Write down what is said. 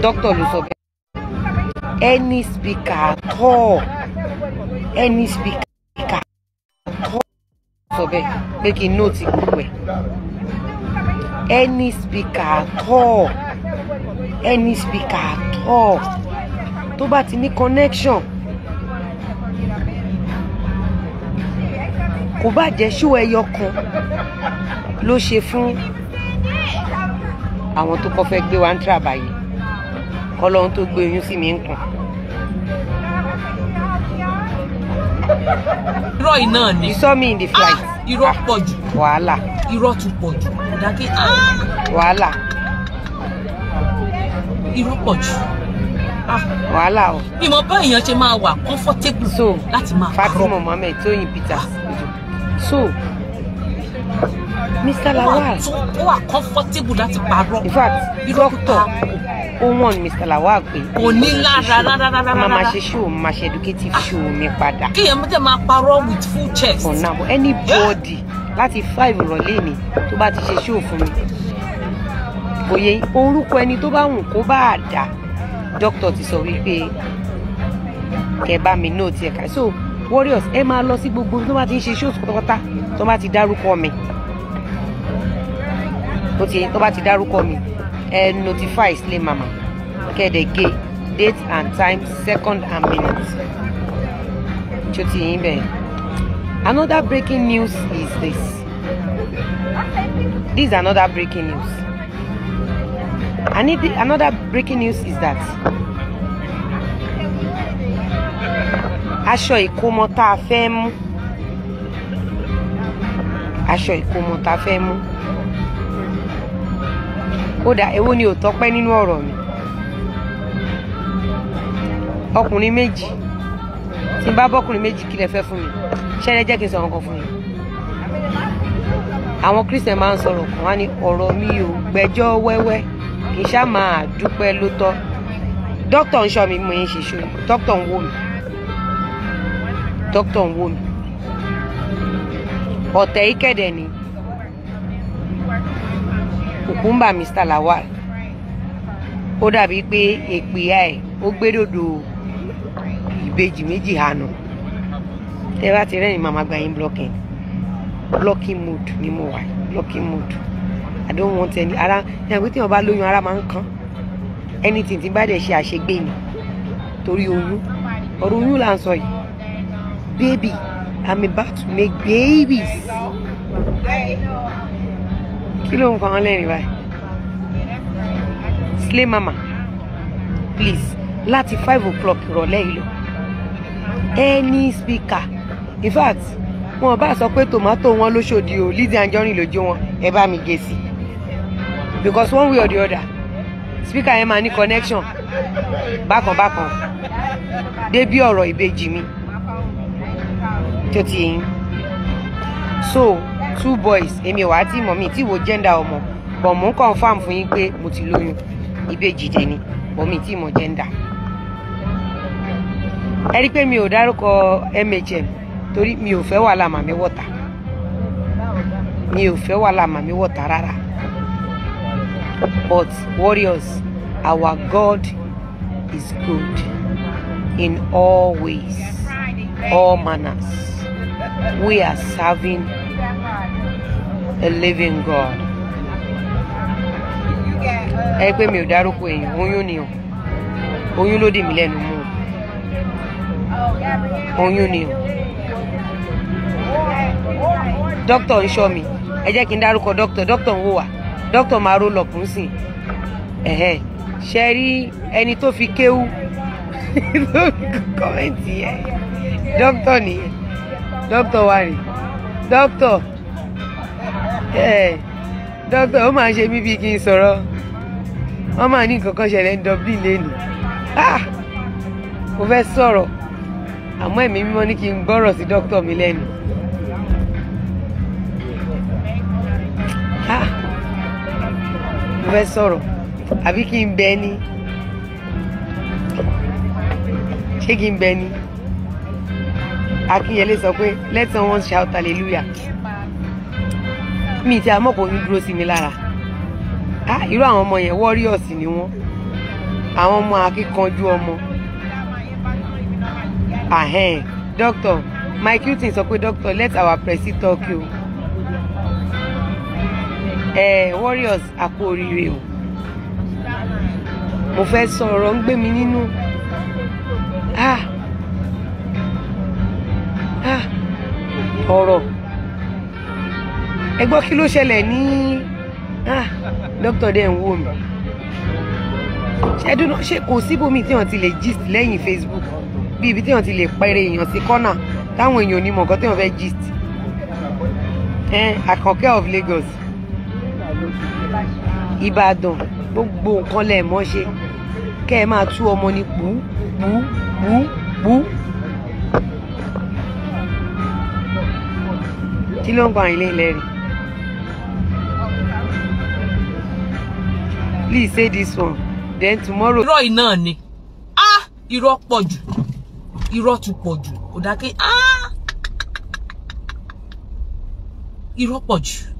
doctor ló any speaker at all any speaker at all sọ making notes in n nóòtì any speaker at all any speaker at all tó bá ti ní connection kò bá jẹ́ ṣó ẹyọ kan ló ṣe fún àwọn tó kọ́ fẹ́ gbé wa ń tíra báyìí kọlọ́hún tó gbé oyún sí mi ń kùn. irọ́ yìí ni. you saw me in the flight. Ah, irọ́ pọ̀ jù. wàhálà. irọ́ tún pọ̀ jù. ìdákẹ́ ah. wàhálà. irọ́ pọ̀ jù. Ah. wàhálà o. ìmọ̀ bá èèyàn ṣe máa wà comfortable. so láti máa parọ́. Fatima Mohammed Tóyìn Peter. so Mr. Lawal. ó wà comfortable láti parọ́. in fact doctor ó wọ̀n Mr. Lawal pé. kò ní lára rárá rárá. a máa ṣe show máa ṣe educative show mi padà. kí èmi tẹ máa parọ́ with full chest. for now anybody láti five ìrọ̀lẹ́ mi tó bá ti ṣe show fún mi kò yẹ orúkọ ẹni tó bá wù kó bá a dà dókítà ti sọ wípé kẹ bá mi náà tiẹ̀ ká so warriors ẹ máa lọ sí gbogbo tó bá ti ń ṣe shows pátápátá tó bá ti dárúkọ mi tó bá ti dárúkọ mi And eh, notify Sile Mama kẹ́ẹ̀dẹ̀ gé date and time second and minute tí ó another breaking news is this this is another breaking news I need the, another breaking news is that Asho ìkómọ tá a fẹ́ mú aṣọ ìkómọ ó dà èwo ni ò tọ́pẹ́ nínú ọ̀rọ̀ mi ọkùnrin méjì tí n bá bọ́kùnrin méjì kí lẹ fẹ́ fún mi ṣẹlẹ̀ jẹ́ kí n sọ nǹkan fún mi àwọn kristian máa ń sọ̀rọ̀ kan wá ní ọ̀rọ̀ mi ò gbẹ́jọ́ wẹ́wẹ́ kì í ṣáà máa dúpẹ́ ló tọ́ dókítà ń ṣọ́ mi mo yẹn ṣe ṣó dókítà ń wò mí dókítà ń wò mí ọ̀tẹ̀ ìkẹ̀dẹ̀ ni kùkúmbà Mr Lawal ó dàbí pé èpè ẹ̀ ó gbé dòdò ìbejì méjì hànú tẹ́ bá ti rẹ́rìn màmá gba yín blocking blocking mood ni mo wà blocking mood I don't want any ara ẹ̀rọ tí wọ́n bá lóyún ara máa ń kán anything tí bá dẹ̀ ṣe àṣegbè ni torí oyún ọ̀rọ̀ oyún là ń sọ yìí baby I'm about to make babies kí ló ń kọ́ ọ́n lẹ́rìn slay mama please láti five o'clock ìrọ̀lẹ́ any speaker in fact wọn bá sọ pé tomato wọn ló ṣòdì o Lizzy Anjorin ló jó wọn ẹ bá mi gé because one way or the other speaker yẹn máa ní connection bákan bákan débi ọ̀rọ̀ ìbejì mi tó ti yín so two boys èmi wàá tí mọ̀ tí wo gender ọmọ bọ̀ mò ń confam fún yín pé mo ti lóyún ìbejì dẹ̀ ni bọ̀ tí mọ̀ gender. ẹ rí i pé mi ò dárúkọ MHM torí mi ò fẹ́ wàhálà màmí wọ̀tà mi ò fẹ́ wàhálà màmí wọ̀tà rárá but warriors our God is good in all ways all manners we are serving a living God. ẹ pé mi ò dárúkọ èèyàn oyún ni o oyún ló dì mí lẹ́nu mú o oyún ni o dókítà ń ṣọ́ mi ẹ jẹ́ kí n dárúkọ dókítà dókítà ń wò wá dókítà máa ró lọ kùn sí ṣe rí ẹni tó fi kéwú kọ́mẹ́ǹtì yẹn dókítà nìyẹn dókítà wa rè dókítà. Eh, doctor o ma se mi bi ki n soro won ma ni nkankan sele n dublin leni mo fe soro amo emi mimo ni ki n si doctor mi leni ah, mo fe soro abi ki n be ni se ki n be ni akinyele so pe let someone shout hallelujah. mi ti àmọ́kò yín dúró sí mi lára irú àwọn ọmọ yẹn warriors ni wọ́n àwọn ọmọ akíkanjú ọmọ ahẹ́n doctor mike hilton sọ pé doctor let our presi talk you eh, warriors àpò oríire o mo fẹ́ sọ̀rọ̀ ń gbé mi nínú ah ah ọ̀rọ̀ ẹ gbọ́ kí ló ṣẹlẹ̀ ní dókítà ah, dẹ̀ ń wò mí ṣẹ́dúná ṣe kò síbòmí tí wọ́n ti lè gist lẹ́yìn Facebook bí ibi tí wọ́n ti lè pẹ̀rẹ̀ èèyàn sí kọ́nà táwọn èèyàn onímọ̀ kan tí wọ́n fẹ́ gist àkànkẹ́ of Lagos Ìbàdàn gbogbo nǹkan lẹ̀ mọ́ ṣe kẹ́ ẹ máa tú ọmọ ní pù pù pù pù. kí ló ń gba ilé ilẹ̀ please say this one then tomorrow. Iro yìí ni ah iro pọ̀ Iro irọ́ tún Odake ah Iro pọ̀